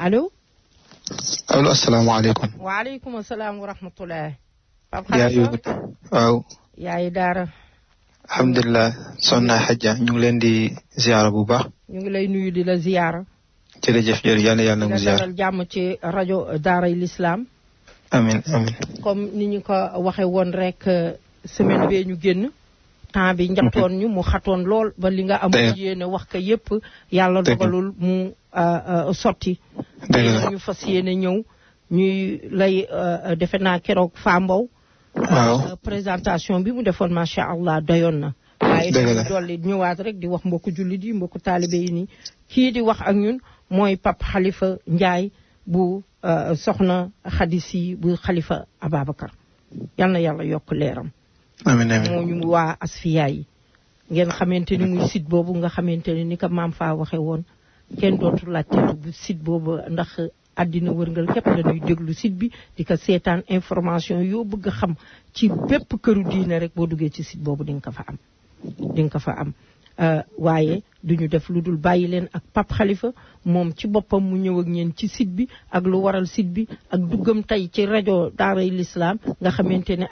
alo allo asalaamaaleykum. waaleykum salaam wa rahmatulah. Pape Khalifa waaw. yaay Daara. alhamdulilah soxna Hadja ñu ngi leen di ziara bu baax. ñu ngi lay nuyu di la ziara. jërëjëf jërëjëf yal na yàlla mu jàmm ci rajo Daaray Lislaam. amiin amiin. comme ni ñu ko waxee woon rek euh, semaine bee ñu génn. temps bi njatoon ñu mu xatoon lool ba li nga amul yéene wax ka yépp yàlla dogalul mu euh, euh, sotti ñu fas yéene ñëw ñuy lay euh, defe naa keroog fa mbow présentation bi mu defoon macha allah doyoon na waaye dañu dolli ñëwaat rek di wax mbokku jullit di mbokku taalibe yi nii kii di wax ak ñun mooy Pape Khalifa Ndiaye bu soxna xadis yi bu Khalifa Ababacar yal na yàlla yokk leeram amiin moo ñu waa Asfiya yi ngeen xamante ni muy site boobu nga xamante ne ni ko maam faa waxe woon kenn dootu laajte bu site boobu ndax àddina wërngal képp lañuy déglu site bi di ko seetaan information yoo bëgg a xam ci bépp këru diine rek boo duggee ci site boobu di nga ko fa am di nga ko fa am Euh, waaye duñu def lu dul bàyyi leen ak Pape Khalifa moom ci boppam mu ñëw ak ñeen ci site bi ak lu waral site bi ak duggam tey ci rajo daaray lislaam nga xamante ne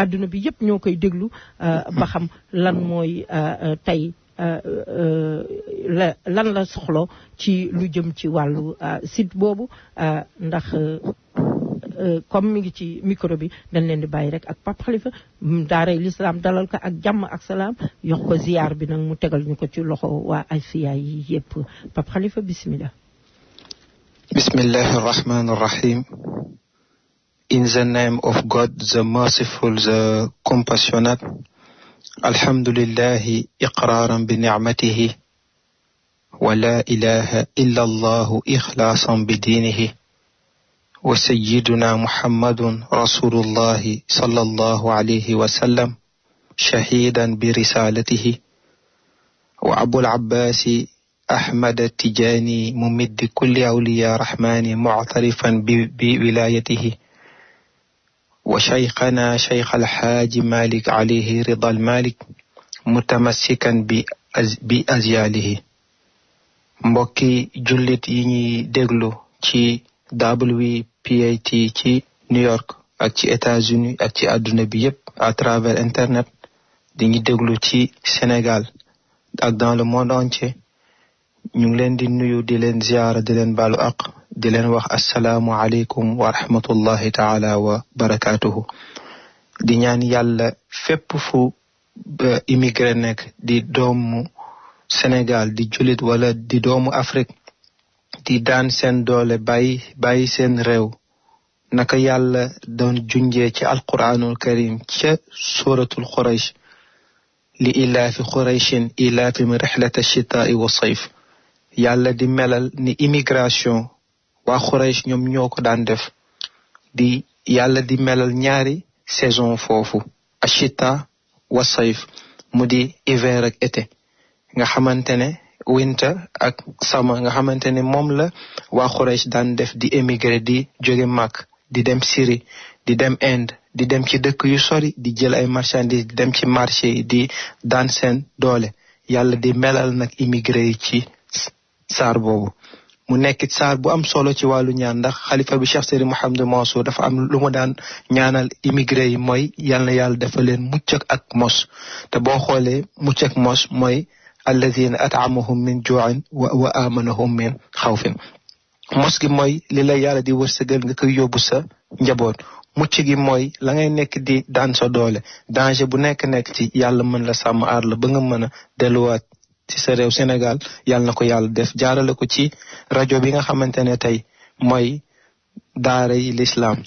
àdduna bi yëpp ñoo koy déglu euh, ba xam lan mooy euh, tey lan la soxlo ci lu jëm ci wàllu site boobu ndax Euh, comme mi ngi ci micro bi dañ leen di bàyyi rek ak Pape Khalifa mm, daaray dalal ko ak jàmm ak salaam yox ko ziyaar bi nag mu tegal ñu ko ci loxo waa Asfiya yi yëpp Pape Khalifa bismillah bismillahi rahmani rahim in the name of God the merciful the compassionate alhamdulillahi iqraaran bi nicmatihi wa la ilaha illa allahu ixlaasan bi diinihi wa sayyiduna muhammadun rasulullahi sallallahu alayhi wa sallam shahidan bi risalatihi wa abul abbaasi ahmad tijaani mumiddi kulli awliya rahmaani muctarifan bi bi wilayatihi wa shaykhana shaykh alxaaji malik alayhi rida almalik mutamassikan bi bi azyaalihi mbokki jullit yi ñuy déglu ci w PAT ci New York ak ci États-Unis ak ci àdduna bi yépp à travers internet di diñu déglu ci Sénégal ak dans le monde entier ñu ngi leen di nuyu di leen ziyaara di leen baalu aq di leen wax asalaamu aleykum wa rahmatullahi wa barakaatuhu di ñaan yàlla fépp fu immigré nekk di doomu Sénégal di jullit wala di doomu Afrique di daan seen doole bàyyi bàyyi seen réew naka yàlla doon junjee ci alquraanul karim ca suratul quraysh li ilaafi qurayshin ilaafim rixlata chitaai wa sayf yàlla di melal ni immigration waa quraysh ñoom ñoo ko daan def di yàlla di melal ñaari saison foofu achita wa sayf mu di hiver ak été nga xamante ne winter ak summer nga xamante ne moom la waa Quraysh daan def di émigré di jóge Makka di dem siri di dem ind di dem ci dëkk yu sori di jël ay marchandises di dem ci marché di daan seen doole yàlla di melal nag immigré yi ci saar boobu mu nekk saar bu am solo ci wàllu ñaan ndax xalifa bi Cheikh xam Mouhamadou Mansour dafa am lu mu daan ñaanal immigré yi mooy yal na yàlla dafa leen mucc ak mos te boo xoolee mucc mos mooy alladina atamahum min juuin wa amanahum min xawfin mos gi mooy li la yàlla di wërsëgal nga koy yóbbu sa njaboot mucc gi mooy la ngay nekk di daan sa doole danger bu nekk nekk ci yàlla mën la sàmm arla ba nga mën a delluwaat ci sa réew Sénégal yàlla na ko yàlla def jaarale ko ci rajo bi nga xamante ne tey mooy daara yi lislaam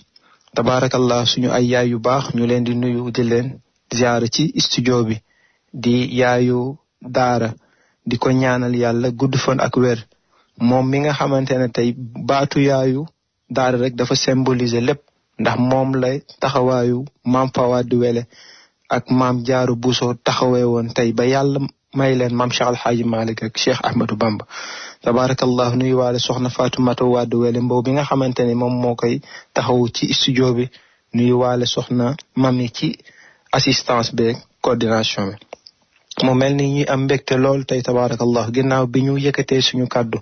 tabaarakallah suñu ay yaay yu baax ñu leen di nuyu di leen ziar ci studio bi di yaayu daara di ko ñaanal yàlla gudd fan ak wér moom mi nga xamante ne tey baatu yaayu daara rek dafa symboliser lépp ndax moom lay taxawaayu maam Fawade Wele ak maam Jaaru Buso taxawee woon tey ba yàlla may leen maam Cheikh Alxaaji Malik ak Cheikh Ahmadou Bamba tabarakallah nuy waale soxna Faatumata Wade Wele mbow bi nga xamante ne moom moo koy taxawu ci studio bi nuy waale soxna mami ci assistance beeg coordination bi moo mel ni ñuy am mbégte lool tey tabaarakallah ginnaaw bi ñu yëkkatee suñu kàddu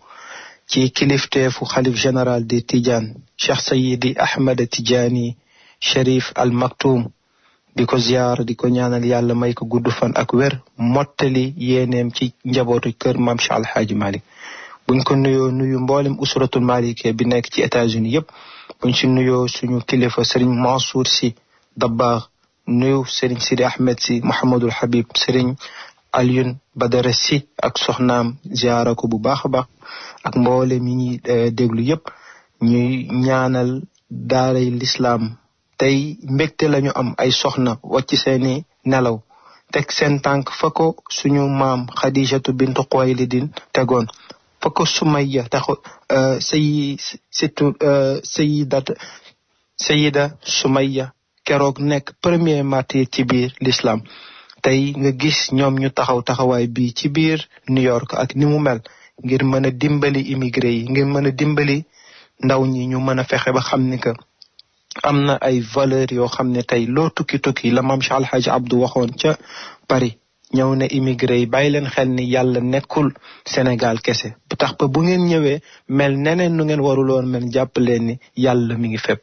ci kilifteefu xalif général di Tidiane Cheikh Sayidi Ahmed Tidiani Cherif Al Maktoum di ko ziar di ko ñaanal yàlla may ko gudd fan ak wér mottali yéeneem ci njabootu kër maam Cheikh Al Hadji buñ ko nuyoo nuyu mboolem usratul malike bi nekk ci États-Unis yëpp buñ si nuyoo suñu kilifa sëriñ Mansour si Dabbaax nuyu sëriñ Sidi Ahmed si Mouhamadul Habib sëriñ Alioune Badara Sy ak soxnaam ziara ko bu baax a baax ak mboole mi ñuy eh, déglu yëpp ñuy ñaanal daaray lislaam tey mbégte lañu am ay soxna wàcc seeni nelaw teg seen tànk fa ko suñu maam Xadijatu bintu Xuwaylidin tegoon fa ko Sumayya tax eh, sayi situ eh, sayidat sayida Sumayya keroog nekk premier martyr ci biir l'islam tey nga gis ñoom ñu taxaw taxawaay bi ci biir New York ak ni mu mel ngir mën a dimbali immigré yi ngir mën a dimbali ndaw ñi ñu mën a fexe ba xam ni que am na ay valeur yoo xam ne tey loo tukki tukki la maam Cheikh Alhaji Abdou waxoon ca Paris ñëw ne immigré yi bàyyi leen xel ni yàlla nekkul Sénégal kese bu tax ba bu ngeen ñëwee mel neneen nu ngeen waruloon mel jàpp leen ni yàlla mi ngi fépp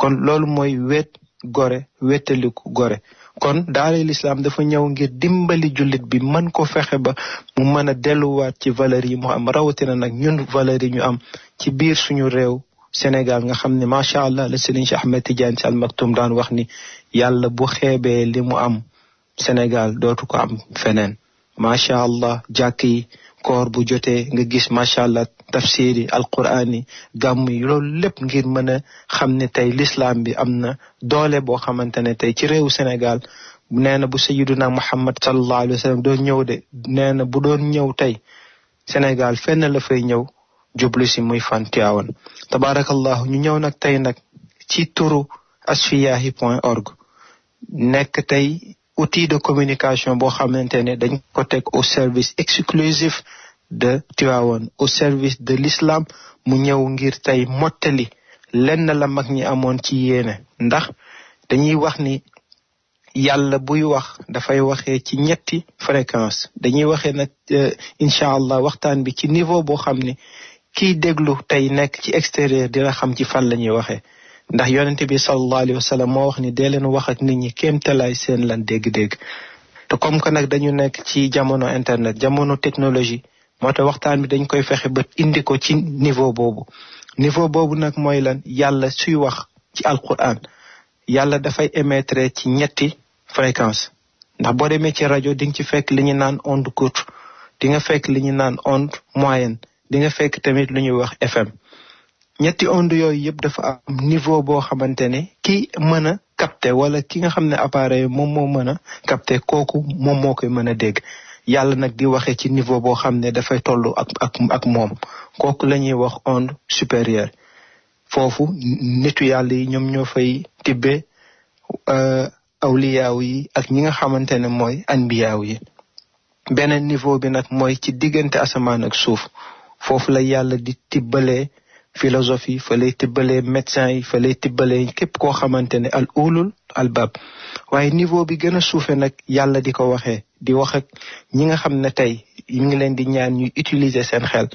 kon loolu mooy wét gore wétaliku gore kon daaray lislaam dafa ñëw ngir dimbali jullit bi man ko fexe ba mu mën a delluwaat ci valeur yi mu am rawatina nag ñun valeur yi ñu am ci biir suñu réew Sénégal nga xam ne macha allah la Serigne Cheikh Ahmed Tidiane Sy daan wax ni yàlla bu xeebee li mu am Sénégal dootu ko am feneen macha allah jàkk yi koor bu jotee nga gis macha allah tafsiri alquran yi gàmm yi loolu lépp ngir mën xam ne tey lislaam bi am na doole boo xamante ne tey ci réewu Sénégal nee na bu sayiduna Muhammad sallallahu alayhi wa sallam ñëw de nee na bu doon ñëw tey Sénégal fenn la fay ñëw jublu muy fan Tiwaawan tabaarakallahu ñu ñëw nag tey nag ci turu asfiyahi point org nekk tey outil de communication boo xamante dañ ko teg au service exclusif de Tivaouane au service de l'islam mu ñëw ngir tey mottali lenn la mag ñi amoon ci yéene ndax dañuy wax ni yàlla buy wax dafay waxe ci ñetti fréquence dañuy waxee nag euh, incha allah waxtaan bi ci niveau boo xam ne kiy déglu tey nekk ci extérieur dina xam ci fan la ñuy waxee ndax yonent bi sallallahu alayhi wa moo wax ni dee leen wax ak nit ñi kéemtalaay seen lan dég dég te comme que nag dañu nekk ci jamono internet jamono technologie moo waxtaan bi dañ koy fexe ba indi ko ci niveau boobu niveau boobu nag mooy lan yàlla suy wax ci alquran yàlla dafay émettre ci ñetti fréquence ndax boo demee ci rajo di nga ci fekk li naan onde court di nga fekk li ñu naan onde moyenne di nga fekk tamit lu ñuy wax FM ñetti onde yooyu yëpp dafa am niveau boo xamante ne ki mën a capter wala ki nga xam ne appareil moom moo mën a capter kooku moom moo koy mën a dégg yàlla nag di waxee ci niveau boo xam ne dafay toll ak ak ak moom kooku la ñuy wax onde supérieure foofu nitu yàlla yi ñoom ñoo fay tibbee euh, awliyaaw yi ak ñi nga xamante ne mooy anbiyaaw yi beneen niveau bi nag mooy ci diggante asamaan ak suuf foofu la yàlla di tibbalee philosophe yi fa lay tibbalee médecin yi fa lay tibbalee képp koo xamante ne al ulul albab waaye niveau bi gën suufe nag yàlla di ko waxee di wax ak ñi nga xam ne tey ñu ngi leen di ñaan ñuy utiliser seen xel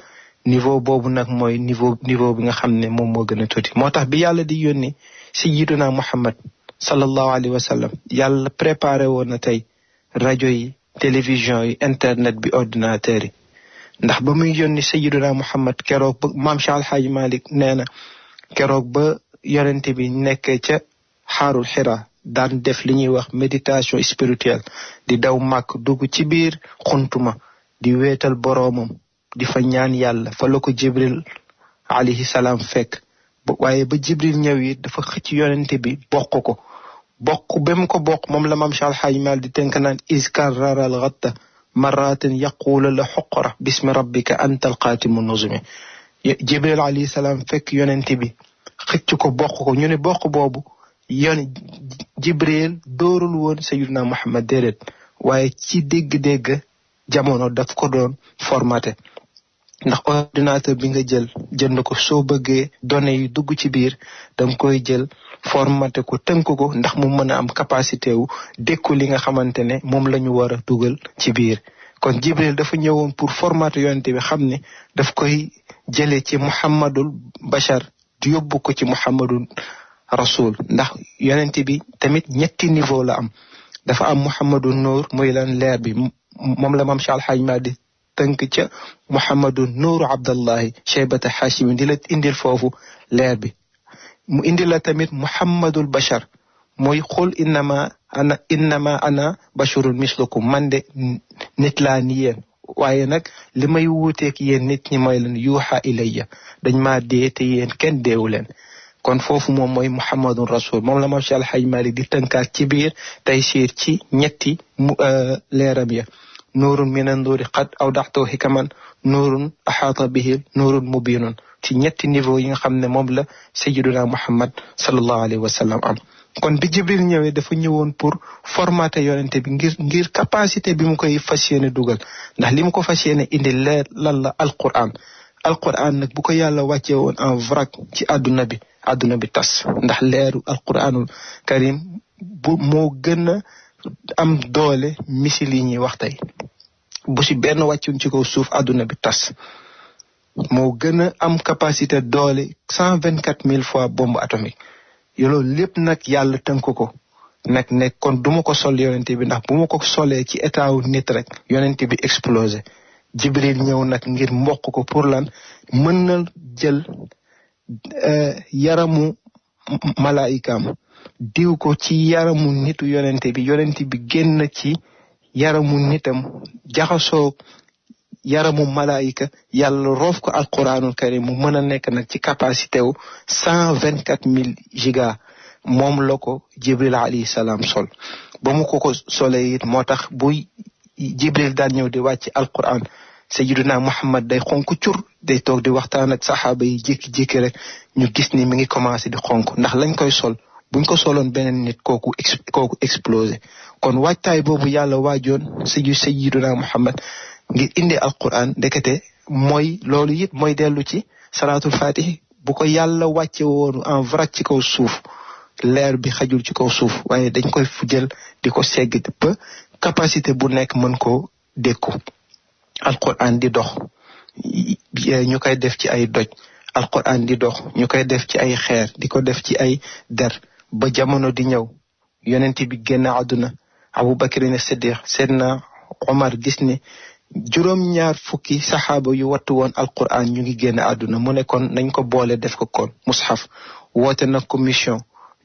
niveau boobu nag mooy niveau niveau bi nga xam ne moom moo gën a tuuti moo tax bi yàlla di yónni si jiitunaa Muhammad sallallahu alayhi wa sallam yàlla préparé woon na tey rajo yi télévision yi internet bi ordinateur yi ndax ba muy yónni sayiduna muhammad keroog ba maam Cheikh Alhaaji Malik nee na keroog ba yonente bi nekk ca xaarul xira daan def li ñuy wax méditation spirituelle di daw màkk dugg ci biir xuntuma di weetal boroomam di fa ñaan yàlla fa la ko jibril alayhi salaam fekk waaye ba jibril ñëw it dafa xëcc yonente bi bokk ko bokk ba ko bokk moom la maam Cheikh Al Hadj Mal di tënk naan iskarara al ghatta marratin yaquula la xoqara bismi rabbika anta al qaatimu jibril alayhi fekk yonente bi xëcc ko bokk boobu yoon Jibril doorul woon na Muhammad déedéet waaye ci dégg-dégg jamono daf ko doon formaté ndax ordinateur bi nga jël jënd ko soo bëggee données yi dugg ci biir danga koy jël formate ko tënk ko ndax mu mën a am capacité wu dékku li nga xamante ne moom lañu ñu war a dugal ci biir kon Jibril dafa ñëwoon pour formaté yonent bi xam ne daf koy jële ci Muhammadul Bachar yóbbu ko ci Muhammadul rasul ndax yonent bi tamit ñetti niveau la am dafa am muhammadu nuur muy lan leer bi moom la maam Cheikh di tënk ca muhammadu nuuru abdallahi cheybata hashimi di la indil foofu leer bi mu indi la tamit muhammadul bashar mooy xul innama ana innama ana basharun mislukum man de nit laa ni yéen nag li may wuuteek yéen nit ñi mooy leen yuuxa dañ ma dee yéen kenn deewu leen kon foofu moom mooy muhammadun rasul moom la ma Cheikh Alhaj Malik di tënkaat ci biir Taysiir ci ñetti mu euh, leeram ya nuurun mina nuuri xat aw daxtoo xikaman nuurun axaata bihi nuurun mubinun ci ñetti niveau yi nga xam ne moom la sayyiduna muhammad sallallahu alayhi wa sallam am kon bi jibril ñëwee dafa ñëwoon pour formater yonente bi ngir ngir capacité bi mu koy fas yéene dugal ndax li mu ko fas yéene indi leer lan la alquran alquran nag bu ko yàlla wàccee woon en vrac ci àdduna bi àdduna bi tas ndax leeru alquranul karim bu moo gën a am doole misil yi ñuy wax tey bu si benn wàccun ci kaw suuf àdduna bi tas moo gën a am capacité doole cent vingt quatre mille fois bombe atomique yoloolu lépp nag yàlla tënk ko nag ne kon du ma ko sol yonente bi ndax bu ma ko solee ci état wu nit rek yonente bi explosé jibril ñëw nag ngir mboq ko pour lan mën na jël yaramu malaayikaam diw ko ci yaramu nitu yonente bi yonente bi génn ci yaramu nitam jaxasoo yaramu malayka yàlla roof ko alquranul karim mu mën a nekk nag ci capacité wu cent vingt quatre mille giga moom la ko jibril salaam sol ba koko ko ko solee it moo tax buy jibril daan ñëw di wàcc alquran Sayyiduna Muhammad day xonk cur day toog di waxtaan ak saxaaba yi jékki-jékki rek ñu gis ni mi ngi commencé di xonk ndax lañ koy sol buñ ko soloon beneen nit kooku kooku explosé kon waajtaay boobu yàlla waajoon sëyu Sayyiduna Muhammad ngir indi alquran ndekete mooy loolu it mooy dellu ci salaatul fatih bu ko yàlla wàcce woonu en vrac ci kaw suuf leer bi xajul ci kaw suuf waaye dañ koy fujjal di ko segg ba capacité bu nekk mën koo dékku alquran di dox ñu koy def ci ay doj alquran di dox ñu koy def ci ay xeer di ko def ci ay der ba jamono di ñëw yonenti bi génn àdduna abu bakrin siddiq seydna omar gis ne juróom ñaar fukki saxaaba yu wattu woon alquran ñu ngi génn àdduna mu ne kon nañ ko boole def ko kon mushaf woote na commission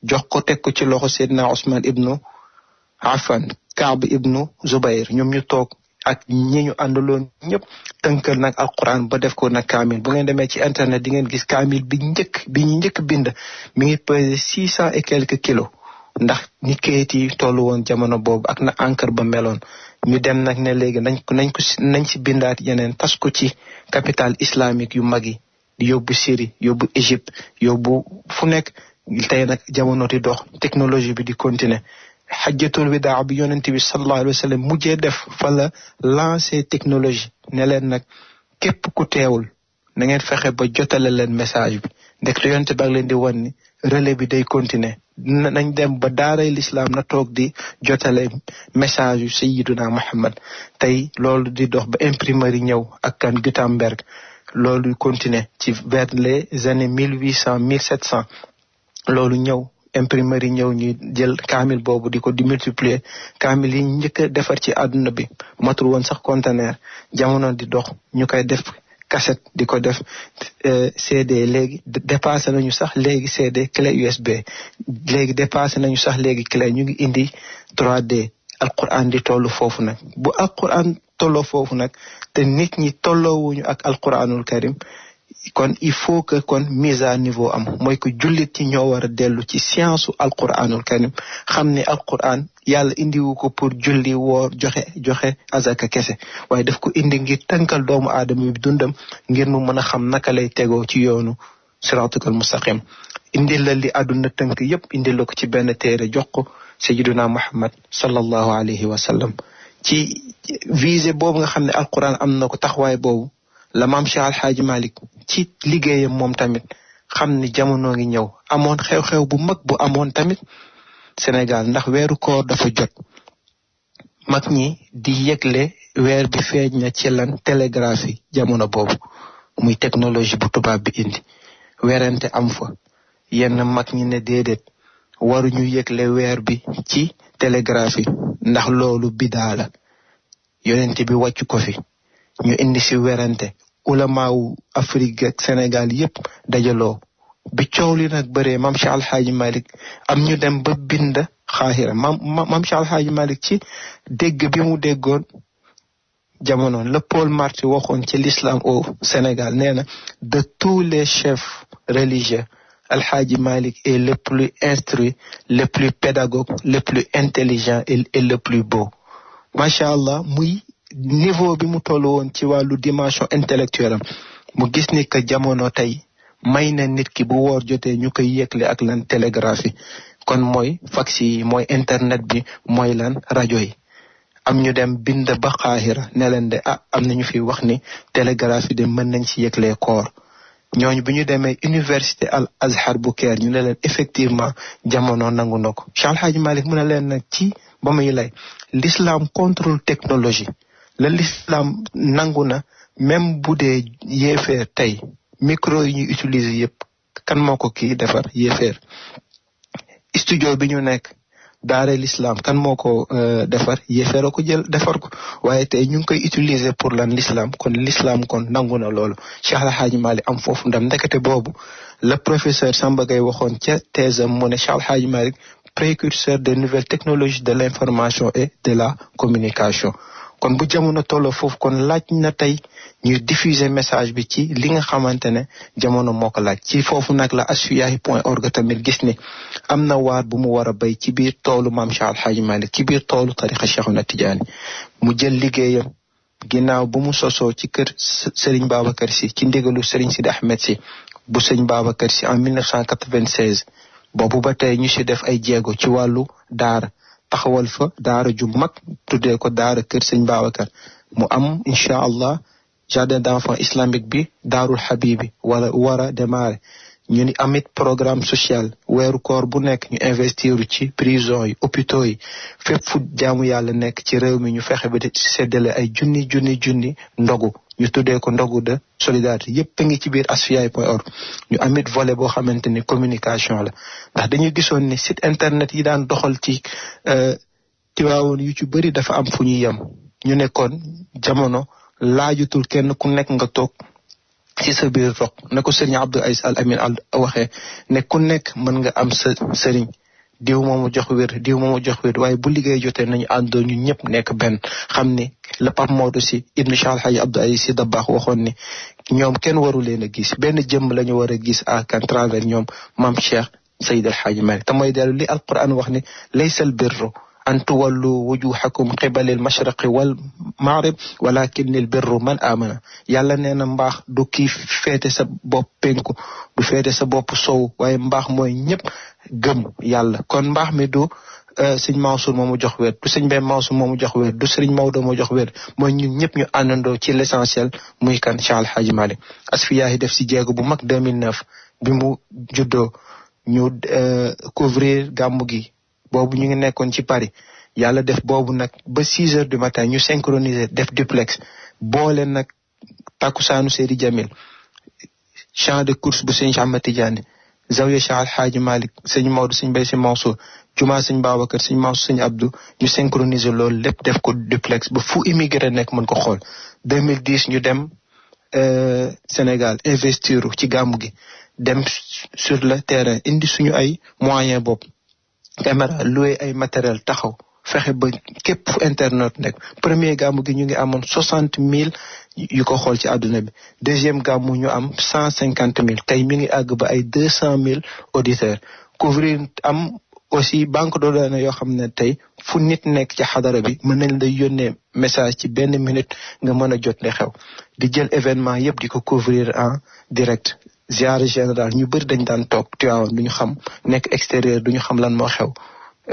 jox ko teg ko ci loxo seydna osman ibnu afan kaab ibnu zubair ñoom ñu toog ak ñi ñu àndaloon ñëpp tënkal nag alquran ba def ko nag kaamil bu ngeen demee ci internet di ngeen gis kaamil bi njëkk bi ñu njëkk bind mi ngi pesé six cent et quelques kilos ndax ni kayit yi toll woon jamono boobu ak na encre ba meloon ñu dem nag ne léegi nañ ko nañ ko nañ si bindaat yeneen tas ko ci capitale islamique yu mag yi yóbbu Syrie yóbbu Égypte yóbbu fu nekk tey nag jamono di dox technologie bi di continuer xajjatul widaa bi yonent bi sallallahu alayhi wa sallam mujjee def fala la technologie ne leen nag képp ku teewul na ngeen fexe ba jotale leen message bi ndekte yonent ba leen di wan ni relais bi dey continuer nañ dem ba daaray lislaam na toog di jotale message yu sayiduna Muhammad tey loolu di dox ba imprimerie ñëw ak kan Gutenberg loolu continuer ci vers les années mille huit cent mille sept cent loolu ñëw imprimerie ñëw ñu jël kaamil boobu di ko di multiplier kaamil yi njëkk a defar ci àdduna bi matul woon sax conteneur jamono di dox ñu koy def cassette di ko def euh, CD léegi dépassé nañu sax léegi CD clé USB léegi dépassé nañu sax léegi clé ñu ngi indi trois d alquran di toll foofu nag bu alquran tolloo foofu nag te nit ñi tolloowuñu ak alquranul karim kon il faut que kon mise à niveau am mooy que jullit ci ñoo war a dellu ci science su alquranul karim xam ne alquran yàlla indiwu ko pour julli woor joxe joxe azaka kese waaye def ko indi ngir tënkal doomu aadama bi dundam ngir mu mën a xam naka lay tegoo ci yoonu siratukal mustaqim indi la li àdduna tënk yëpp indil la ko ci benn téere jox ko sayyiduna muhammad sallallahu alayhi wa sallam ci visé boobu nga xam ne alquran am na ko taxawaay boobu la maam Cheikh Al ci liggéeyam moom tamit xam ni jamono ngi ñëw amoon xew-xew bu mag bu amoon tamit Sénégal ndax weeru koor dafa jot mag ñi di yëgle weer bi feeñ na ci lan télégraphie jamono boobu muy technologie bu tubaab bi indi weerante am fa yenn mag ñi ne déedéet waruñu yëgle weer bi ci télégraphie ndax loolu bidaa la yonent bi wàcc ko fi ñu indi si werante ulamaawu Afrique ak Sénégal yépp dajaloo bi coow li nag bëree mam Cheikh Alxaaji Malik am ñu dem ba bind xaaxira maam maam Cheikh Malik ci dégg bi mu déggoon jamono la Paul Marty waxoon ci l'islam au Sénégal nee na de tous les chefs religieux alhaji Malik et le plus instruit le plus pédagogue le plus intelligent et le plus beau macha allah muy niveau bi mu toll woon ci wàllu dimension intellectuelle am mu gis ni que jamono tey may na nit ki bu woor jotee ñu koy yëgle ak lan télégraphie kon mooy fax yi mooy internet bi mooy lan rajo yi am ñu dem bind ba xaaxira ne leen de ah am na ñu fi wax ni télégraphie de mën nañ ci yëgle koor ñooñ bu ñu demee université al azhar bu ñu ne leen effectivement jamono nangu na ko Cheikh Alhaji Malick mu ne leen nag ci ba muy lay l'islam contrôle technologie la lislaam nangu na même bu dee yéefeer tey micro yi ñuy utiliser yëpp kan moo ko kii defar yéefeer studio bi ñu nekk daare l'islam kan moo ko euh, defar yéefeer a ko jël defar ko waaye te ñu ngi koy utiliser pour lan l'islam kon lislaam kon nangu na loolu Cheikh El Hadj am foofu ndam ndekete boobu la professeur Samba Gaye waxoon ca thèsam mu ne Cheikh El Hadj Malick précurseur des nouvelles technologies de l'information et de la communication kon bu jamono tolloo foofu kon laaj na tey ñuy diffuser message bi ci li nga xamante ne jamono moo laaj ci foofu nag la asfiyahi point org tamit gis ni am na waar bu mu war a béy ci biir toolu maam Cheikh Al Hadj biir ci biir toolu tarixa Cheikhuna Tidiane mu jël liggéeyam ginnaaw bu mu sosoo ci kër baaba Babacar si ci ndigalu Serigne Sidi Ahmed Sy bu sëñ kër si en 1996 boobu ba tey ñu si def ay jéego ci wàllu daara taxawal fa daara ju mag tuddee ko daara kër sëñ Babacar mu am incha allah jardin d'enfants islamique bi daarul habibi wala war a démarrer ñu ni amit programme sociale weeru koor bu nekk ñu investir ci prison yi hôpitaux yi fu jaamu yàlla nekk ci réew mi ñu fexe ba di séddale ay junni junni junni ndogu ñu tuddee ko ndogu de solidarité yëpp a ngi ci biir asfiyahi point org ñu amit volet boo xamante ni communication la ndax dañu gisoon ni site internet yi daan doxal ci euh, tiwaawoon yu ci bëri dafa am fu ñuy yem ñu nekkoon jamono laajutul kenn ku nekk nga toog ci sa biir roq na ko sëriñ Abdou Aziz Al Amin al waxee ne ku nekk mën nga am sa sëriñ diw moomu jox wér diw moomu jox wér waaye bu liggéey jotee nañu àndoo ñu ñëpp nekk benn xam ni la part Maodo si ibnu Cheikh Alhaji Abdou Aziz si waxoon ni ñoom kenn waru leen a gis benn jëmm la ñu war a gis à kan travers ñoom maam Cheikh Seydi Alhaji Malick te mooy dellu li alquran wax ni laysal birru an tuwallu wujuhakum qibalil mashriqi wal maghrib walakinnil birru man amana yàlla nee na mbaax du kii féete sa bopp penku du féete sa bopp sow waaye mbaax mooy ñëpp gëm yàlla kon mbaax mi du euh, sëñ Mansour moomu jox wér du sëñ Baye Mansour moomu jox wér du sëriñ Maodo moo jox wér mooy ñun ñëpp ñu àndandoo ci l'essentiel muy kan Cheikh Al Hadji Malick Asfiyahi def si jéego bu mag 2009 bi mu juddoo ñu euh, couvrir gàmmu gi boobu ñu ngi nekkoon ci Paris yàlla def boobu nag ba six heures du matin ñu synchroniser def duplex boole nag takku takkusaanu Seydi Jamil champ de course bu sëñ Ahmad Tidiane zawiya Cheikh Al Hadji Malick sëñ Maodo sëñ Bay si Mansour jumaa sëñ Babacar sëñ Mansour sëñ abdu ñu synchroniser loolu lépp def ko duplex ba fu immigré nekk mën ko xool 2010 ñu dem euh, Sénégal investir ci gàmmu gi dem sur le terrain indi suñu ay moyen bopp caméra loué ay matériel taxaw fexe ba képp fu internet nekk premier gàmmu gi ñu ngi amoon soixante mille yu ko xool ci àdduna bi deuxième gàmmu ñu am cent cinquante mille tey mi ngi àgg ba ay deux cent mille auditeurs couvrir am aussi banque de données yoo xam ne tey fu nit nekk ci xadara bi mën nañ la yónnee message ci benn minute nga mën a jot li xew di jël événement yëpp di ko couvrir en direct ziare général ñu bëri dañ daan toog Tivaouane duñu xam nekk extérieur duñu xam lan moo xew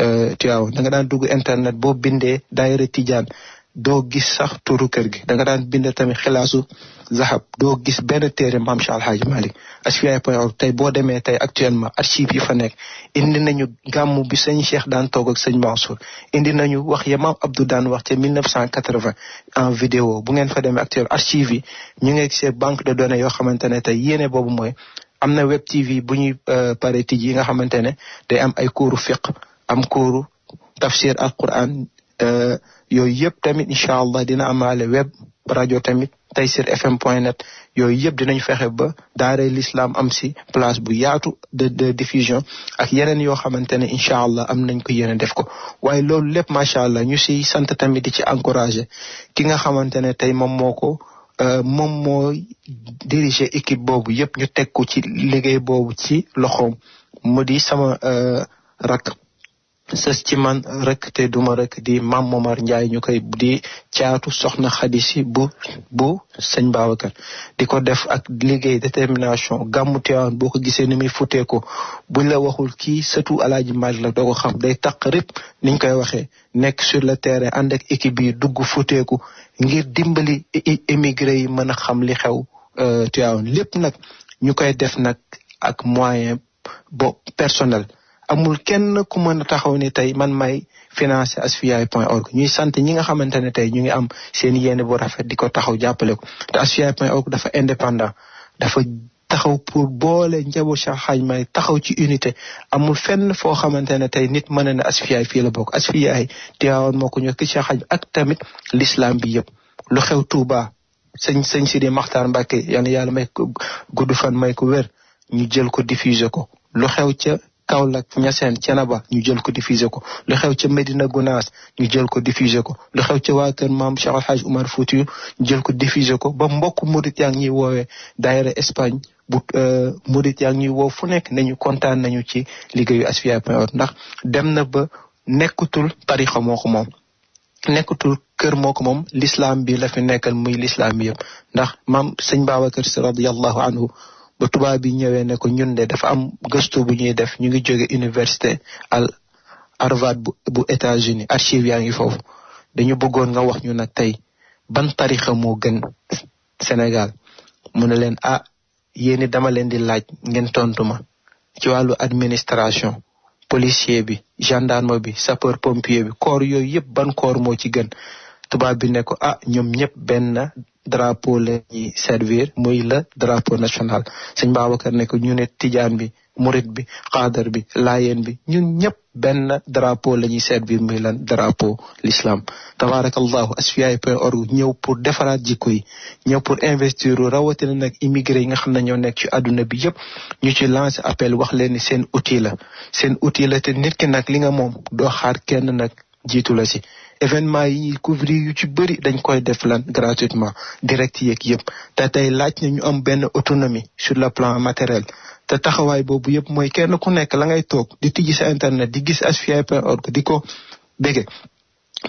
euh, Tivaouane da nga daan dugg internet boo bindee daayira Tijaan do gis sax turu kër gi da nga daan bind tamit xilaasu zahab doo gis benn téere maam Cheikh Al Hadj Malick asfiyahi point org tey boo demee tey actuellement archive yi fa nekk indi nañu gàmm bi sëñ Cheikh daan toog ak sëñ Mansour indi nañu wax ya maam Abdou daan wax ca 1980 en vidéo bu ngeen fa demee actuel archive yi ñu ngi see banque de données yoo xamante ne tey yéene boobu mooy am na web tv bu ñuy euh, pare tij yi nga xamante ne day am ay kuuru fiq am kuuru tafsir al yooyu yëpp tamit incha allah dina amaale web rajo tamit taysir fm point net yooyu yëpp dinañ fexe ba daaray l'islam am si place bu yaatu de de diffusion ak yeneen yoo xamante ne incha allah am nañ ko yéene def ko waaye loolu lépp macha allah ñu si sant tamit di ci encouragé ki nga xamante ne tey moom moo ko euh, moom moo diriger équipe boobu yëpp ñu teg ko ci liggéey boobu ci loxoom mu di sama euh, rak sës ci man rek te duma rek di Mam Momar Njaay ñu koy di caatu soxna xadisi bu bu sëñ Babacar di ko def ak liggéey détermination gàmmu Tiwaawan boo ko gisee ni muy futee ko buñ la waxul kii sëtu alaaji Maalik la doo xam day taq rip niñ koy waxee nekk sur le terrain ànd ak équipe yi dugg futeeku ngir dimbali émigré yi mën a xam li xew euh, Tiwaawan lépp nag ñu koy def nag ak moyen bo personnel amul kenn ku mën a taxaw ni tey man may financé asfiyahi point org ñuy sant ñi nga xamante ne tey ñu ngi am seen yéene bu rafet di ko taxaw jàppale ko te asfiyahi point org dafa indépendant dafa taxaw pour boole njaboot Cheikh xaaj Malick taxaw ci unité amul fenn foo xamante ne tey nit mën na ne asfiyahi fii la bokk asfiyahi Tiwaawan moo ko ñor ki Cheikh Hadj ak tamit l'islam bi yëpp lu xew Touba sëñ sëñ Sidi Maxtaar Mbàkke yal na yàlla may ko gudd fan may ko wér ñu jël ko diffuser ko lu Kaolack Niassène Thiénaba ñu jël ko diffusé ko lu xew ca médina Gounass ñu jël ko diffusé ko lu xew ca waa kër maam Cheikh Al Hadj fouti Foutiyou ñu jël ko diffusé ko ba mbokk murit yaa ngi ñuy woowee daayira Espagne bu euh, murit yaa ngi ñuy woow fu nekk nañu kontaan nañu ci liggéeyu asfiyahi.org ndax dem na ba nekkatul tarixa moo ko moom nekkatul kër moo ko moom l'islam bi la fi nekkal muy l'islam bi yëpp ndax maam sëñ kër Si radiyallahu anhu ba tubaab bi ñëwee ne ko ñun de dafa am gëstu bu ñuy def ñu ngi jóge université al Harvard bu bu États-Unis archive yaa ngi foofu dañu bëggoon nga wax ñu nag tey ban tarixa moo gën Sénégal mu ne leen ah yéeni dama leen di laaj ngeen tontu ma ci wàllu administration policier bi gendarme bi sapeur pompier bi corps yooyu yëpp ban koor moo ci gën tubaab bi ne ko ah ñoom ñëpp benn drapeau la ñuy servir muy la drapeau national sëñ Babacar ne ko ñu ne tijaan bi murit bi xaadar bi laayeen bi ñun ñëpp benn drapeau la ñuy servir muy lan drapeau l'islam tabarakallahu asfiyahi point org ñëw pour defaraat jikko yi ñëw pour investir rawatina nag immigré yi nga xam ne ñoo nekk ci àdduna bi yëpp ñu ci lancer appel wax leen ni seen outil la seen outil la te nit ki nag li nga moom doo xaar kenn nag jiitu la si événement yi couvrir yu ci bëri dañ koy def lan gratuitement direct yeeg yëpp te tey laaj na ñu am benn autonomie sur le plan matériel te taxawaay boobu yëpp mooy kenn ku nekk la ngay toog di tijji sa internet di gis asfiyahi.org di ko bége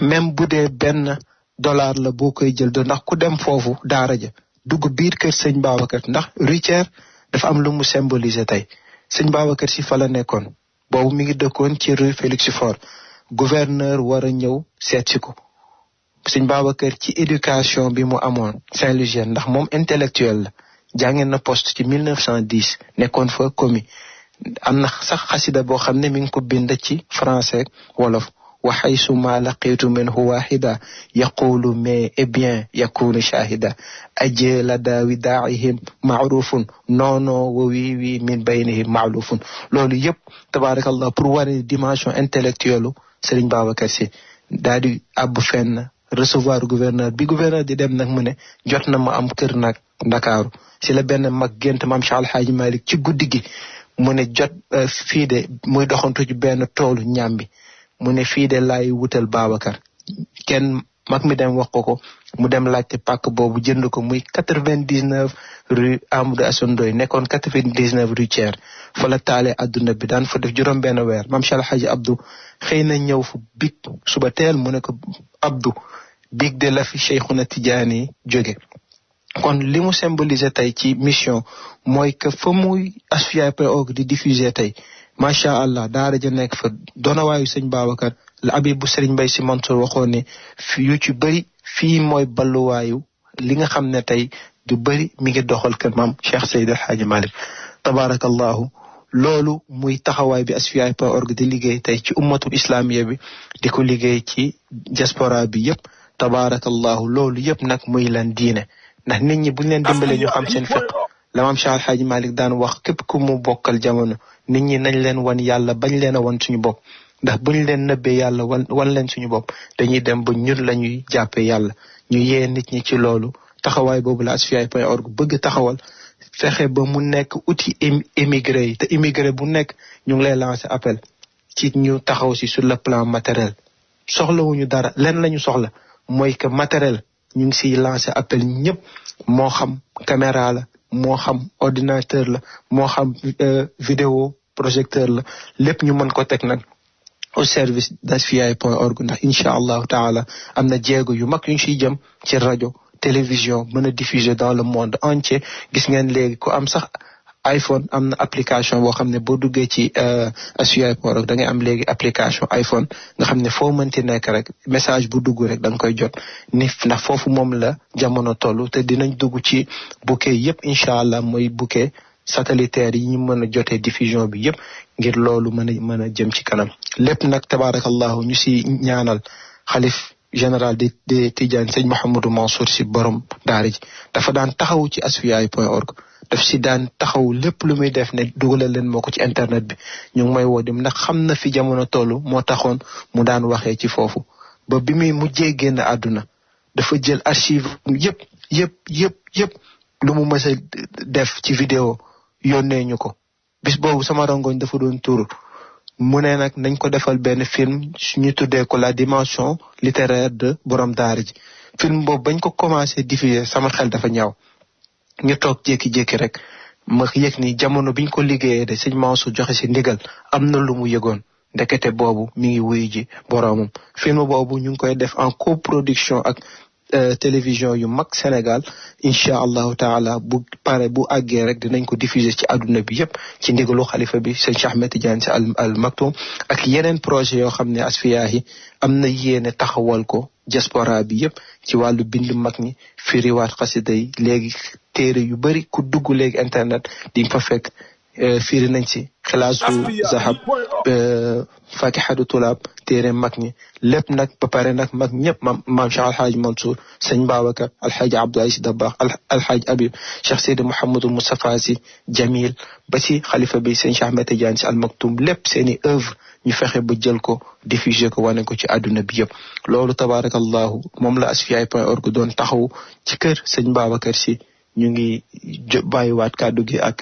même bu dee benn dollar la boo koy jël do ndax ku dem foofu daara ja dugg biir kër sëñ Babacar ndax Richard dafa am lu mu symboliser tey sëñ Babacar si fa la nekkoon boobu mi ngi dëkkoon ci rue Félix Faure gouverneur war a ñëw seet si ko sëñ ci éducation bi mu amoon Saint-Louis ndax moom intellectuel la jàngeen na poste ci 1910 nekkoon fa commis am na sax xasida boo xam ne mi ngi ko bind ci français wolof wa haysuma laqitu minhu wahida yaqulu mais et eh bien yakunu shahida aje la daawi daahihim maarufun noono wa wii wii min baynihim maalufun loolu yëpp tabarakallah pour wane dimension intellectuelle Serigne Babacar Sy daal di àbb fenn recevoir gouverneur bi gouverneur di dem nag mu ne jot na ma am kër nag ndakaaru si la benn mag gént maam Cheikh Alhaaji Malick ci guddi gi mu ne jot euh, fii de muy doxantu benn toolu ñaam bi mu ne fii de laay wutal Babacar kenn mag mi dem wax ko ko mu dem laajte pàkk boobu jënd ko muy quatre vingt dix neuf rue nekkoon quatre vingt dix neuf rue Thiers fa la taalee adduna bi daan fa def juróom benn weer maam Cheikh El Hadji xëy na ñëw fu big suba teel mu ne ko Abdou big de la fi Cheikhuna Tidiane jóge kon li mu symboliser tey ci mission mooy que fa muy asfiyahi org di diffuser tey macha allah daara ja nekk fa waayu sëñ Babacar la abi bu Serigne si Sy Mansour waxoon ne yu ci bëri fii mooy balluwaayu li nga xam ne tey du bëri mi ngi doxal kër maam Cheikh Seydi El Hadji tabarakallahu loolu muy taxawaay bi asfiyahi point org di liggéey tey ci ummatul islamiya bi di ko liggéey ci diaspora bi yëpp tabarakallahu loolu yëpp nag muy lan diine ndax nit ñi buñ leen dimbalee ñu xam seen fiq la maam Cheikh El Hadji daan wax képp ku mu bokkal jamono nit ñi nañ leen wan yàlla bañ leen a wan suñu bopp ndax buñ leen nëbbee yàlla wan wan leen suñu bopp dañuy dem ba ñun la ñuy jàppee yàlla ñu yee nit ñi ci loolu taxawaay boobu la asfiyahi point org bëgg taxawal fexe ba mu nekk outil immigré yi te immigré bu nekk ñu ngi lay lancer appel ci ñu taxaw si sur le plan matériel soxlawuñu dara leen lañu soxla mooy que matériel ñu ngi siy lancer appel ñëpp moo xam caméra la moo xam ordinateur la moo xam euh, vidéo projecteur la lépp ñu mën ko teg nag au service d'asfiyahi point org ndax incha allahu taala am na jéego yu mag yuñ ciy jëm ci rajo télévision mën a diffuser dans le monde entier gis ngeen léegi ko am sax iPhone am na application boo xam ne boo duggee ci euh, asfiyahi point org da ngay am léegi application iPhone nga xam ne foo mënti nekk rek message bu dugg rek da nga koy jot ni ndax foofu moom la jamono toll te dinañ dugg ci bouquet yépp incha allah moy bouquet satellitaire yi ñu mën a jotee diffusion bi yëpp ngir loolu mën a mën a jëm ci kanam lépp nag tabaarakallahu ñu si ñaanal xalif général de de Tidiane sëñ Mouhamadou Mansour si borom daara ji dafa daan taxawu ci asfiyahi point org daf si daan taxaw lépp lu muy def ne dugalal leen moo ci internet bi ñu ngi may woo dim ndax xam na fi jamono tollu moo taxoon mu daan waxee ci foofu ba bi muy mujjee génn àdduna dafa jël archive yëpp yëpp yëpp yëpp lu mu mës a def ci vidéo yónnee ñu ko bis boobu sama rongoñ dafa doon tuuru mu ne nag nañ ko defal benn film suñu tuddee ko la dimension littéraire de borom daara ji film boobu bañ ko commencé diffuser sama xel dafa ñaaw ñu toog jékki-jékki rek ma yëg ni jamono biñ ko liggéeyee de sëñ su joxe si ndigal am na lu mu yëgoon ndekete boobu mu ngi wuyu ji boroomam film boobu ñu ngi koy def en coproduction ak E, télévision yu mag Sénégal incha allahu taala bu pare bu àggee rek dinañ ko diffuser ci àdduna bi yëpp ci ndigalu xalifa bi sëñ Cheikh Ahmed Tidiane Sy Al Maktoum ak yeneen projet yoo xam ne Asfiyahi am na yéene taxawal ko diaspora bi yëpp ci wàllu bind mag ñi firiwaat xasida yi léegi téere yu bari ku dugg léegi internet di nga fa fekk Euh, fiiri nañ ci xilaasu zahab euh, fakihatu tulaab téere mag ñi lépp nag ba pare nag mag ñëpp maam maam Cheikh alxaaj Mansour sëñ Babacar alxaaj Abdoulaye si Dabax alxaaj Habib Cheikh Seydi Mouhamadou Moustapha si Jamil ba si xalifa bi sëñ Cheikh Ahmed Tidiane si almaktum lépp seeni œuvre ñu fexe ba jël ko diffuser ko wane ko ci àdduna bi yëpp loolu tabarakallahu moom la asfiyahi point org doon taxaw ci kër sëñ Babacar si ñu ngi bàyyiwaat kàddu gi ak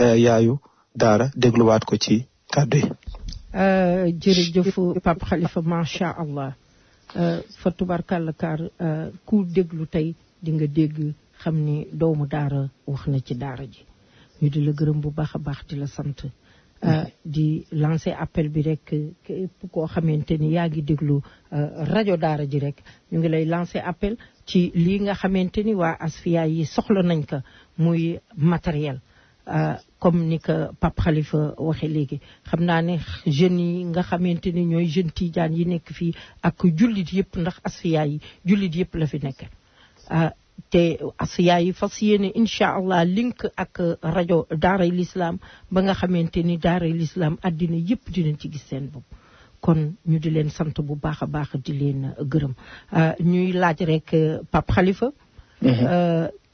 Euh, yaayu daara dégluwaat ko ci kàddu yi. Euh, jërëjëf Pape Khalifa macha allah euh, fa tubarkàlla kaar ku déglu tey dinga nga dégg xam ni doomu daara wax na ci daara ji ñu di la gërëm bu baax a baax di la sant. di lancer appel bi rek képp koo xamante ni yaa ngi déglu rajo daara ji rek ñu ngi lay lancer appel ci lii nga xamante ni waa Asfiya yi soxla nañ ko muy matériel. Euh, comme ni ko Pape Khalifa waxe léegi xam naa ne jeunes yi nga xamante ni ñooy jeunes tijaan yi nekk fii ak jullit yëpp ndax asfiya yi jullit yëpp la fi nekk euh, te asfiya yi fas yéene incha allah link ak rajo daaray lislaam ba nga xamante ni daaray lislaam àddina yëpp dinañ ci gis seen bopp kon ñu di leen sant bu baax a baax di leen gërëm euh, ñuy laaj rek Pape Khalifa mhm.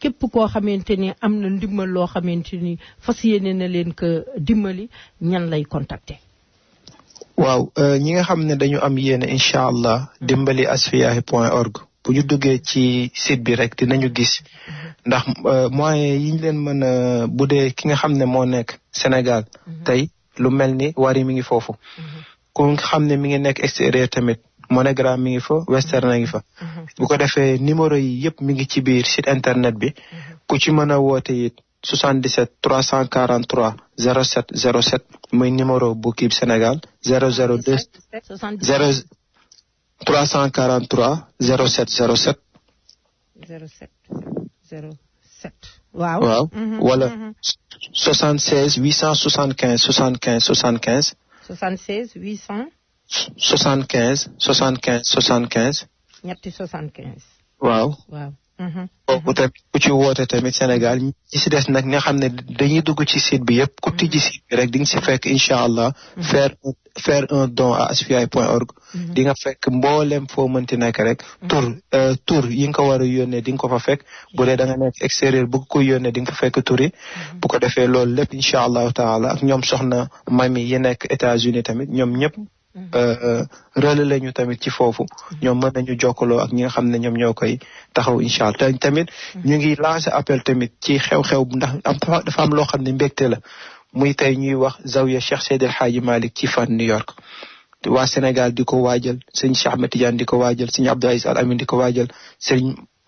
képp koo xamante ni am na ndimbal loo xamante ni fas yéene na leen ko dimbali ñan lay contacter. waaw euh, ñi nga xam ne dañu am yéene incha allah dimbali asfiyahi point org bu ñu duggee ci site bi rek nañu gis ndax euh, moyens yi ñu leen mën a bu dee ki nga xam ne moo nekk Sénégal mhm. tey lu mel ni wari mi ngi foofu. Mhm. ku xam ne mi ngi nekk extérieur tamit monogram mi ngi fa western ngi fa mhm. bu ko defee numéro yi yëpp mi ngi ci biir site internet bi mhm. ku ci mën a woote it 77 343 07 07 muy numéro bu kii Sénégal 002 0 343 07 07 07 07 waaw waaw mhm. wala 76 875 75 75 76 800 soixante quinze soixante quinze soixante quinze ñetti soixante quinze waaw waaw boobu mm-hmm. mm-hmm. tamit ku ci woote tamit Sénégal ñi si des nag nga xam ne dañuy dugg ci site bi yëpp ku tijji site bi rek di nga si fekk incha allah mm-hmm. faire faire un don à asfiyahi point org di nga fekk mboolem foo mënti nekk rek tur euh, tur yi nga ko war yónnee di nga ko fa fekk bu da nga nekk extérieur bu ko yónnee di nga fa fekk tur yi ko defee loolu lépp incha allahu taala ak ñoom soxna mami yi nekk États-Unis tamit ñoom ñëpp Euh, euh, rele la ñu tamit ci foofu ñoom mën nañu jokkaloo ak ñi nga xam ne ñoom ñoo koy taxaw incha allah tamit ñu ngi lancé appel tamit ci xew-xew ndax am dafa am loo xam ne mbégte la muy tey ñuy wax zawiya Cheikh Seydil Hadji Malick ci fan New York waa Sénégal di ko waajal sëñ Cheikh Ahmed Tidiane di ko waajal sëñ Abdou Aziz Al Amin di ko waajal sëñ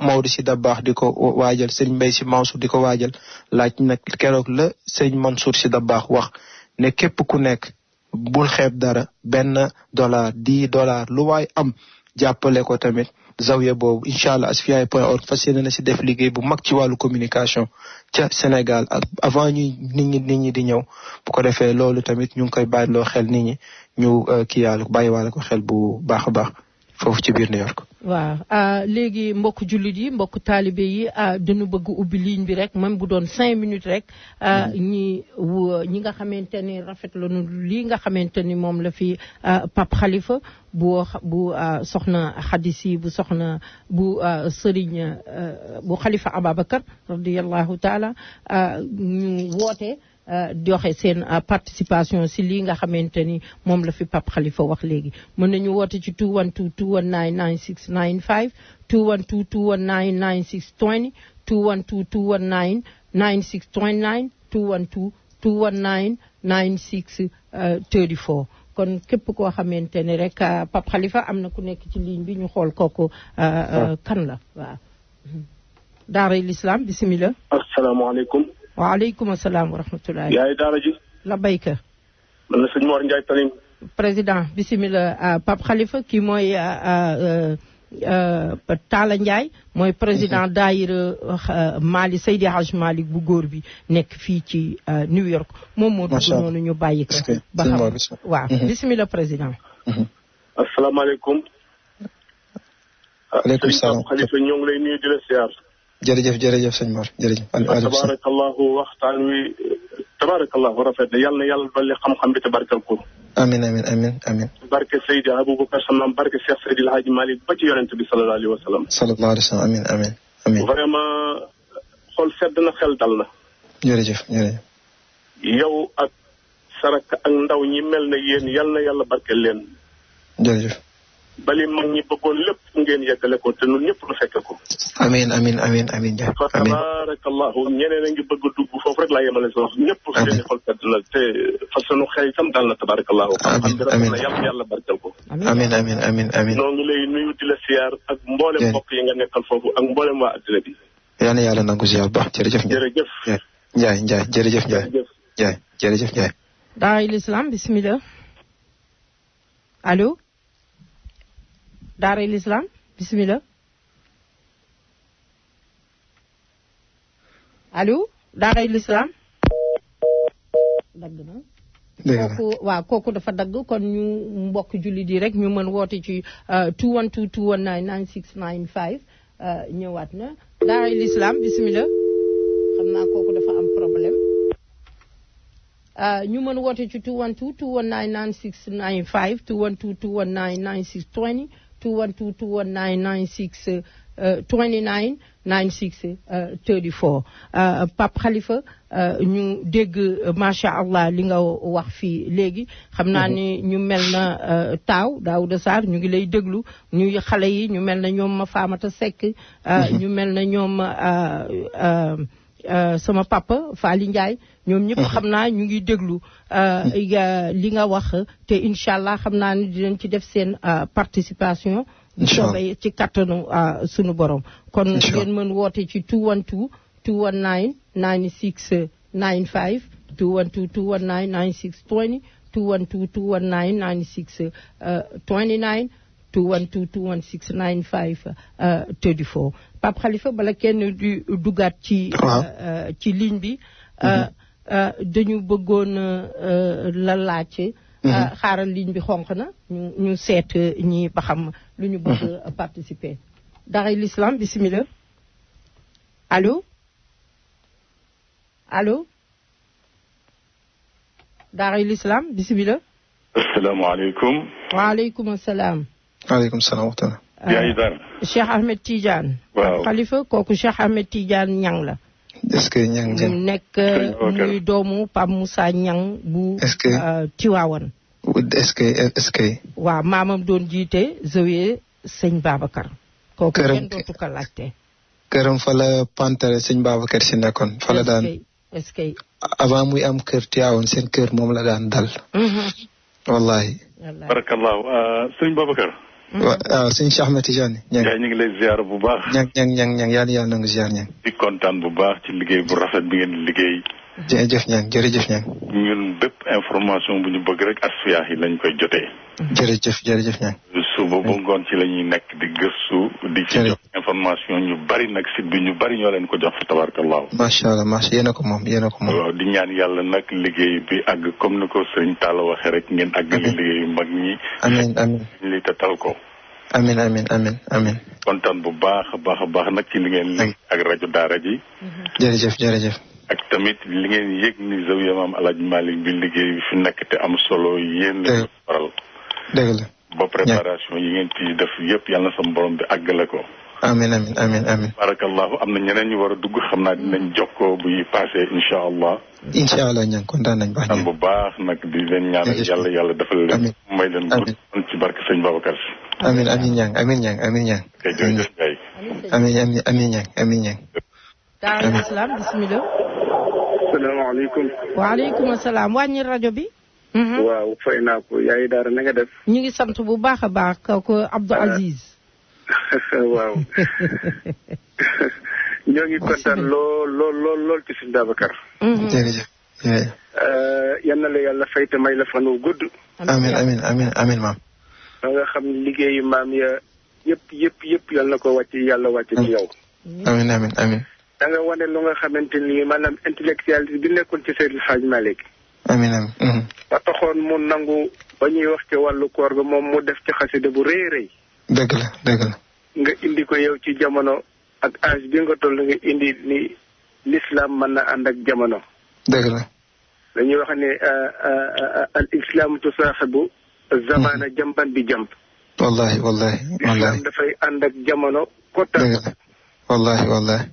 Maodo si Dabaax di ko waajal sëñ mbay si Mansour di ko waajal laaj nag keroog la sëñ Mansour si baax wax ne képp ku nekk bul xeeb dara benn dollar dix dollar lu waay am jàppale ko tamit zawiya boobu incha allah asfiyahi point org fas yéene na si def liggéey bu mag ci wàllu communication ca Sénégal avant ñuy nit ñi nit ñi di ñëw bu ko defee loolu tamit ñu ngi koy loo xel ni ñi ñu euh, kii yàlla bàyyiwaale ko xel bu baax baax foofu ci biir New York. waaw ah, léegi mbokk jullit yi mbokk taalibe yi ah, danu bëgg ubbi ligne bi rek man bu doon cinq minutes rek. Ah, hmm. ñi ñi nga xamante ni rafet la nu lii nga xamante ni moom la fi Pape xalifa bu bu soxna xadisi bu soxna bu Serigne bu Khalifa Ababacar radiyallahu taala ñu woote. joxe euh, seen euh, participation si lii nga xamante ni moom la fi pap Khalifa wax léegi mën nañu woote ci 212 219 9695 212 219 9620 212 219 9629 212 219 9634 kon képp koo xamante ne rek euh, Pape Khalifa am na ku nekk ci ligne bi ñu xool kooku ah. kan la waaw daara l'islam bisimilah asalaamaaleykum waa salaam wa rahmatulah. yaay daara ji. la bayka. man la sëñ Mor président bisimilah euh, Pape xalifa kii mooy euh, euh, Talla Ndiaye mooy président mhm. daayira Mali Seydi Haj Malik bu góor bi nekk fii ci New York. moom moo dugg noonu ñu bàyyi ko. ba xam bisimilah mhm. président. Mhm. asalaamaaleykum. aleykum ah, salaam Pape Khalifa ñoo lay nuyu di jërëjëf jërëjëf sëñ Mor jërëjëf. tabaarakallahu waxtaan wi tabaarakallahu rafet na yàlla yàlla dolli xam-xam bi te barkal ko. amiin amiin amiin amiin. barke Seydi Aboubacar Samam barke Cheikh Seydi El Hadji Malick ba ci yonent bi sallallahu alayhi wa sallam. sallallahu alayhi wa vraiment xool sedd na xel dal na. jërëjëf jërëjëf. yow ak saraka ak ndaw ñi mel na yéen yal na yàlla barkeel leen. jërëjëf. bali mag ñi bëggoon lépp ngeen yeggale ko te ñun ñëpp nu fekk ko. amiin amiin amiin amiin ja fa tabarakallahu ñeneen a ngi bëgg a dugg foofu rek laa te fa sunu xëy tam daal na tabarakallahu amiin amiin na yàlla yàlla barkal ko amiin amiin amiin amiin noo ngi lay ak mboolem mbokk yi nga nekkal foofu ak mboolem waa addina bi na yàlla nangu siyaar baax jërëjëf jërëjëf Njaay Njaay jërëjëf Njaay Njaay jërëjëf Njaay daay l'islam bismillah daaray lislaam bisimilah allo daaray lislaam dagg na kooku waaw kooku dafa dagg kon ñu mbokk jullit yi rek ñu mën woote ci 212 219 9695 ñëwaat na daaray lislaam bisimilah xam naa kooku dafa am problème euh, ñu mën woote ci 212 219 9695 212 219 9620 212 219 96 29 96 34 Pape Khalifa uh, ñu dégg uh, macha allah li nga wax fii léegi xam naa ni mhm. ñu mel na uh, taaw Daouda Sarr ñu ngi lay déglu ñu xale yi ñu mel na ñoom ma Famata Seck ñu mel na ñoom Euh, sama papa fali Ndiaye ñoom ñëpp ah. xam naa ñu ngi déglu euh, li nga wax te incha allah xam naa ni dinañ ci def seen euh, participation soobee ci kattanu sunu borom kon ngeen mën woote ci 212 219 96 95 212 219 96 20 212 219 96 29 212 216 95 34 Pape Khalifa bala kenn du dugaat ci. Uh, uh, ci ligne bi. Uh, mhm. dañu bëggoon la ci mhm. xaaral ligne bi xonq na ñu seet ñi ba xam lu ñu bëgg mhm. participer. Daaray l'Islam bisimilah allo allo Daaray l'Islam bisimilah. asalaamaaleykum. waaleykum salaam. waaleykum salaam wa rahmatulah. yaay daan Cheikh Ahmed Tidiane. waaw xalifa kooku Cheikh Ahmed tiijaan ñang la. est-ce que ñang jën nekk muy doomu Pape Moussa ñang bu. est-ce que Tiwaawan. est-ce doon jiite zawiya sëñ Babacar. kooku kenn laajte. këram fa la pantere sëñ Babacar si nekkoon fa la daan. est-ce que avant muy am kër Tiwaawan seen kër moom la daan dal. Mhm. wallaahi. wallaahi barakallah euh, sëñ Mm-hmm. waaw ah, sëñ Cheikh Ahmed Tidiane. ñang ñu ngi lay ziar bu baax. ñang ñang ñang ñang yàlla yàlla na nga ziar ñang. di kontaan bu baax ci liggéey bu rafet bi ngeen liggéey. jërëjëf jëf jërëjëf ñaan. ñun bépp information bu ñu bëgg rek asfiyaah yi lañ koy jotee. Mm-hmm. jërëjëf jërëjëf ñaan. suba ba ngoon ci la ñuy nekk di gëstu. di ci information ñu bari nag site bi ñu bari ñoo leen ko jox tabarakallah. macha allah macha yéen ko moom yéen ko moom. waaw di ñaan yàlla nag liggéey bi àgg comme ni ko sëñ Talla waxee rek ngeen àggali liggéeyu mag ñi. amiin amiin li tal ko. amin amin amin amin kontaan bu baax a baax a baax nag ci li ngeen. ak rajo daara ji. ak tamit li ngeen yëg ni zawiya maam Alaaji Malick bi liggéey bi fi nekk te am solo yéen la faral dëgg la ba préparation yi ngeen ci def yëpp yàlla na sama borom bi àggale ko amin amin amin amin barakallahu am na ñeneen ñu war a dugg xam naa dinañ jokkoo buy passé incha allah incha allah ñaan kontaan nañ baax bu baax nag di leen ñaanal yàlla yàlla defal leen may leen gudd fan ci barke sëñ Babacar si amin amin ñaan amin ñaan amin ñaan kay salaamaaleykum. waaleykum salaam wàññi rajo bi. Mhm. waaw fay naa ko yaay Daara na nga def. ñu ngi sant bu baax a baax kooku Abdou Aziz. waaw. ci suñu Babacar. Mhm. jërëjëf. Euh, yal na la yàlla fay te may la fan wu gudd. amiin amiin amiin amiin maam. ba nga maam ya yëpp yëpp yëpp yal na ko wàcc yàlla wàcc ci yow. amiin amiin amiin. da nga wane lu nga xamante ni maanaam intellectualité bi nekkoon ci Seydil Hadj Malick. amiin amiin. Mhm. ba taxoon mu nangu ba ñuy wax ci wàllu koor ga moom mu def ci xasida bu rëy rëy. dëgg la dëgg la. nga indi ko yow ci jamono ak âge bi nga toll nga indi ni l'islam mën na ànd ak jamono. dëgg la. dañuy wax ne euh, euh, euh, al islam tusaaxibu. zamaana mhm. jamban bi jamb. wallahi wallahi wallahi. dafay ànd ak jamono. ko tax dëgg la wallahi wallahi.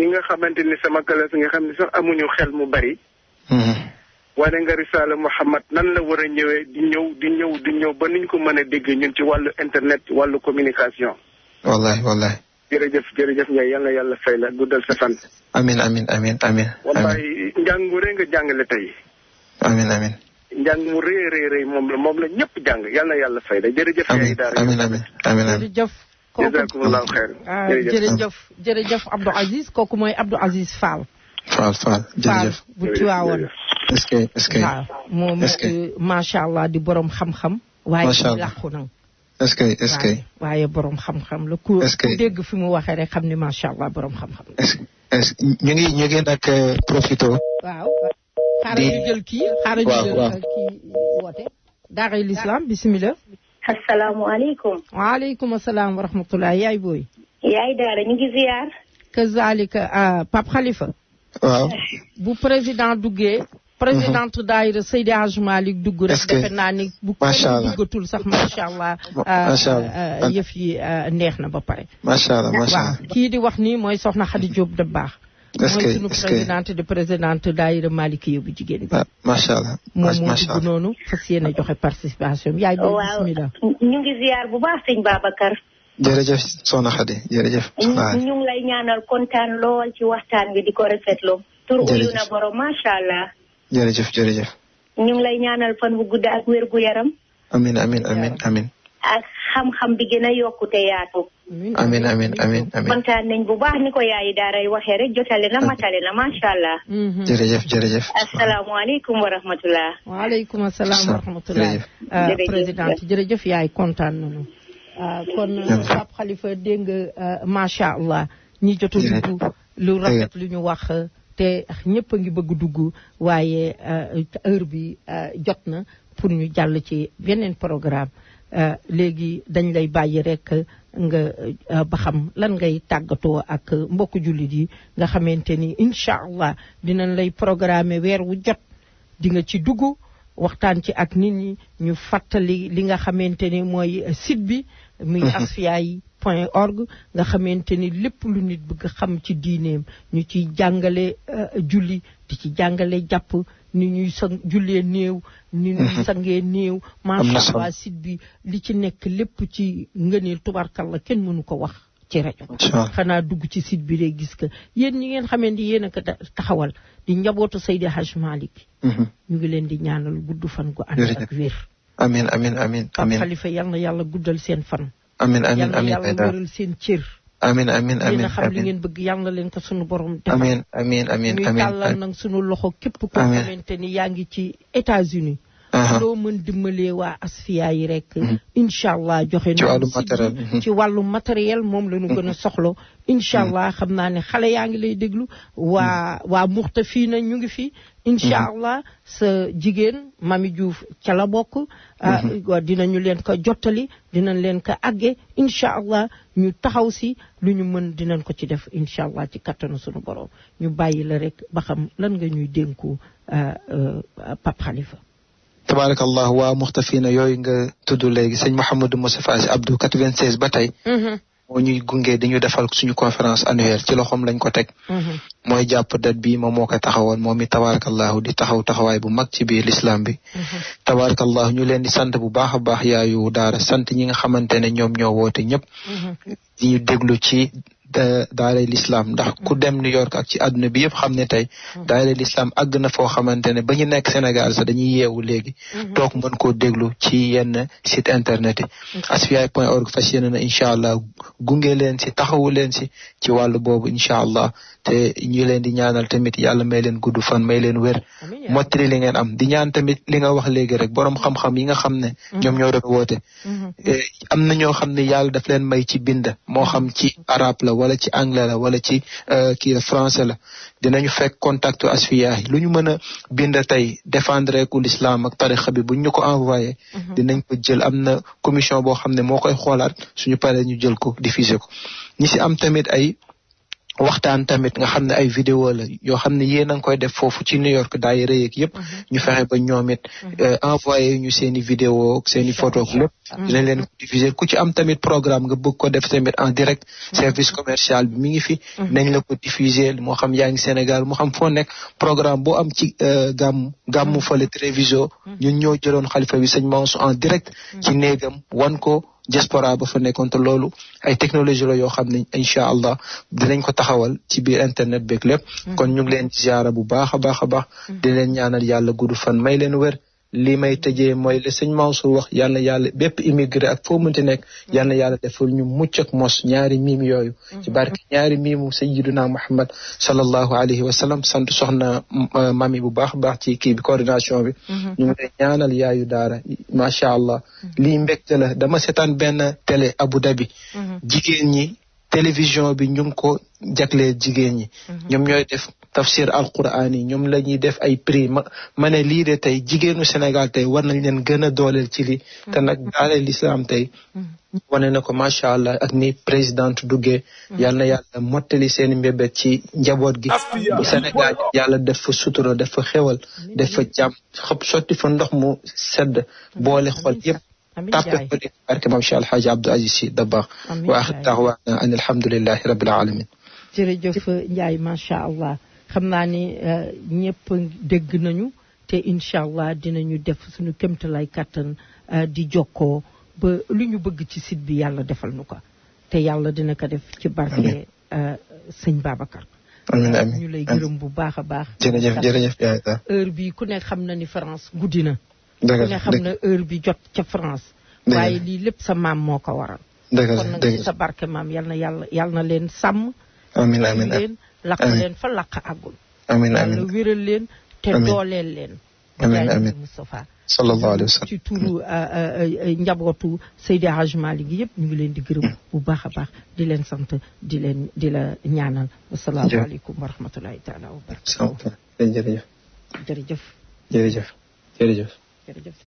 ñi nga xamante ni sama classe nga xam ni sax amuñu xel mu bari mm-hmm. wane nga risaala Muhammad nan la war a ñëwee di ñëw di ñëw di ñëw ba niñ ko mën a déggee ñun ci wàllu internet ci wàllu communication wallahi wallahi jërëjëf jërëjëf Ndiaye yal yàlla fay la guddal sa fan amin amin amin amin njàng mu nga jàngale tey amin amin njàng mu moom la moom la ñëpp jàng yal yàlla fay la amin jërëjëf jazakumullahu xeer ah, jërëjëf jërëjëf Abdou Aziz kooku mooy Abdou Aziz Fall. Fall Fall jërëjëf Fall bu Tiwaawoon. est-ce que est-ce euh, macha allah di borom xam-xam. macha allah waaye làqu na. est-ce que est-ce que waaye borom xam-xam la ku. est-ce fi mu waxee rek xam ni macha allah borom xam-xam. est-ce que ñu euh, profito. waaw xaaral ñu Islam bisimilah. asalaamualeykum. waaleykum asalaam wa rahmatulah yaay booy. yaay daara ñu ngi ziar. kazalika ah, Pape Khalifa. waaw. bu président duggee. présidente daayira Seydi Hadj Malick dugg rek. defe naa ni bu kenn duggatul sax macha allah. macha ah, ah, allah yëf yi neex na ba pare. macha allah macha allah waaw kii di wax nii mooy soxna Khady Diop de baax. est-ce que mooy suñu présidente de présidente daayira bu jigéen bi. Ah, macha allah moom moo dugg noonu fas yéene joxe participation bi. yaay booy bismillah waaw ñu ngi ziar bu baax sëñ Babacar. jërëjëf soxna Xadi jërëjëf. ñu ngi lay ñaanal kontaan lool ci waxtaan bi di ko rafetlu. tur uyu na borom macha allah. jërëjëf jërëjëf. ñu ngi lay ñaanal fan bu gudd ak wér gu yaram. amin amin amin amin ak xam-xam gën a yokkute yaatu. amin amin amin amin kontaan nañ bu baax ni ko yaayi daaray waxee rek jotale na matale na macha allah. Mhm. jërëjëf jërëjëf. asalaamaaleykum wa rahmatulah. waaleykum asalaam wa rahmatulah. Euh, présidente yaay kontaan nañu. Euh, kon euh, Pape Khalifa dégg nga macha allah ñi jotul dugg lu rafet lu ñu wax. te ñëpp a ngi bëgg dugg waaye heure bi jot na pour ñu jàll ci beneen programme. Euh, léegi dañ lay bàyyi rek nga euh, ba xam lan ngay tàggatoo ak mbokku jullit yi nga xamante ni incha allah dinañ lay programmer weer wu jot dinga ci dugg waxtaan ci ak nit ñi ñu fàttali li nga xamante ni mooy sit bi muy mhm. asfiyahi point org nga xamante ni lépp lu nit bëgg xam ci diineem ñu ciy jàngale euh, julli di ci jàngale jàpp ni ñuy sang néew ni ñuy mhm. sangee néew macha bi li ci nekk lépp ci ngëneel la kenn mënu ko wax ci rajo xanaa dugg ci site bi day gis ka yéen ñi ngeen xamee ni yéen a ko taxawal di njabootu Seydi Hajj Malick mhm. ñu ngi leen di ñaanal gudd fan gu ànd ak wér amin amin amin amin xalifa yal na yàlla guddal seen fan amin amin yàlla wéral seen cër amin amin amin dina ngeen bëgg yal leen ko sunu borom defal amin amin amin amin nag sunu loxo képp koo xamante ni yaa ngi ci États-Unis loo mën dimbalee waa asfiya yi rek mhm. incha allah joxe na mhm. ci wàllu matériel moom la ñu gën a mhm. soxla incha allah xam naa ne xale yaa ngi lay déglu waa waa muxta fii na ñu ngi fi incha allah sa jigéen Mami Diouf ca la bokk ah, dina ñu leen ko jottali dinañ leen ko àgge incha allah ñu taxaw si lu ñu mën dinañ ko ci def incha allah ci kattanu sunu borom ñu bàyyi la rek ba xam lan nga ñuy dénku ah, euh, Pape Khalifa tabarakallah waa muxtafina yooyu nga tudd léegi sëñ Mouhamadou Moustapha Sy Abdou 96 ba tey mm-hmm. moo ñuy gunge dañu defal suñu conférence annuelle ci loxoom lañ ko teg mm-hmm. mooy jàpp date bi moom moo ko taxawoon moom it tabarakallahu di taxaw taxawaay bu mag ci biir lislaam bi mm-hmm. tabarakallahu ñu leen di sant bu baax a baax yaayu daara ñi nga xamante ne ñoom ñoo woote ñu déglu ci Euh, daaray lislaam ndax mm-hmm. ku dem New York ak ci àdduna bi yëpp xam ne tey mm-hmm. daaray lislaam àgg na foo xamante ne ba ñu nekk Sénégal sax dañuy yeewu léegi mm-hmm. toog mën koo déglu ci yenn site internet yi asfiyahi point org fas yéene na incha allah gunge leen si taxawu leen si ci wàllu boobu incha allah te ñu leen di ñaanal tamit yala may leen gudd fan may leen wér mottali li ngeen am di ñaan tamit liga nga wax léegi rek boroom xam-xam yi nga xam ne ñoom ñoo doon woote eh, am na ñoo xam ne yàlla daf leen wala ci anglais la wala ci euh, kii la français la dinañu fekk contact asfiya yi lu ñu mën a bind tey défendre ku l'islam ak tarixa bi buñ ñu ko envoyé mhm. dinañ ko jël am na commission bo xam ne moo koy xoolaat suñu paree ñu jël ko diffuser ko ñi si am tamit ay waxtaan tamit nga xam ne ay vidéo la yoo xam ne yéen a ngi koy def foofu ci New York daay rëyeeg yëpp mhm. ñu fexe ba ñoom mhm. euh, envoyé ñu seen i vidéo seen i mhm. nga bëgg ko def tamit en direct service commercial mi ngi fi nañ la ko diffuser moo xam yaa ngi Sénégal moo xam foo nekk programme boo am ci euh, gàmm gàmmu fële Treviso ñun ñoo xalifa bi sëñ en direct ci néegam wan diaspora ba fa nekkoon te loolu ay technologie la yoo xam ne incha allah dinañ ko taxawal ci biir internet beeg lépp mm. kon ñu ngi leen bu baax a baax a baax mm. ñaanal yàlla gudd fan may leen wér li may tëjee mooy la sëñ Mansour wax yal na yàlla bépp immigré ak foo mënti nekk yal na yàlla defal ñu mucc ak mos ñaari miim yooyu ci mhm. barke ñaari miimu sayyiduna Muhammad sallallahu alayhi wa sallam soxna euh, mami bu baax baax ci kii bi coordination bi mhm. ñu ngi lay ñaanal yaayu daara macha allah mhm. lii mbégte la dama seetaan benn télé Abu Dhabi jigéen ñi télévision bi ñu ngi ko jagleel jigéen ñi ñoom ñooy def tafsir alquran yi ñoom la ñuy def ay prix ma ma ne lii de tey jigéenu Sénégal tey war nañ leen gën a dooleel ci li te nag mm-hmm. daale lislaam tey mm-hmm. wane na ko macha allah ak ni présidente duggee mm-hmm. yal na yàlla mottali seen mbebe ci njaboot gi bu Sénégal def fa sutura def fa xewal def fa xa xëpp sotti fa ndox mu sedd boole xol yëpp tàppe ko di barke maam Cheikh Alhaji Abdou Aziz Sy Dabakh wa axir daawaana an alhamdulilahi rabbil alamin xam naa ni euh, ñëpp dégg nañu te incha allah dinañu def suñu kémtalay kàttan euh, di jokkoo ba lu ñu bëgg ci site bi yàlla defal nu ko te yàlla dina ko def ci barke euh, sëñ Babacar amiin amiin bu baax a baax jërëjëf jërëjëf heure bi ku nekk xam na ni France guddi na ku ne xam na heure bi jot ca France waaye lii lépp sa maam moo ko waral kon nag sa barke na yàlla yal na leen sàmm amiin amiin leen lakk leen fa lakk àggul amiin amiin yàlla wéral leen te leen amiin amiin Moustapha sallallahu alayhi wa sallam ci euh, euh, euh, njabootu Seydi Hadj gi yëpp ñu ngi leen di gërëm bu baax a baax di leen sant di leen di la ñaanal wasalaamaaleykum wa rahmatulahi taala wa barakatu jërëjëf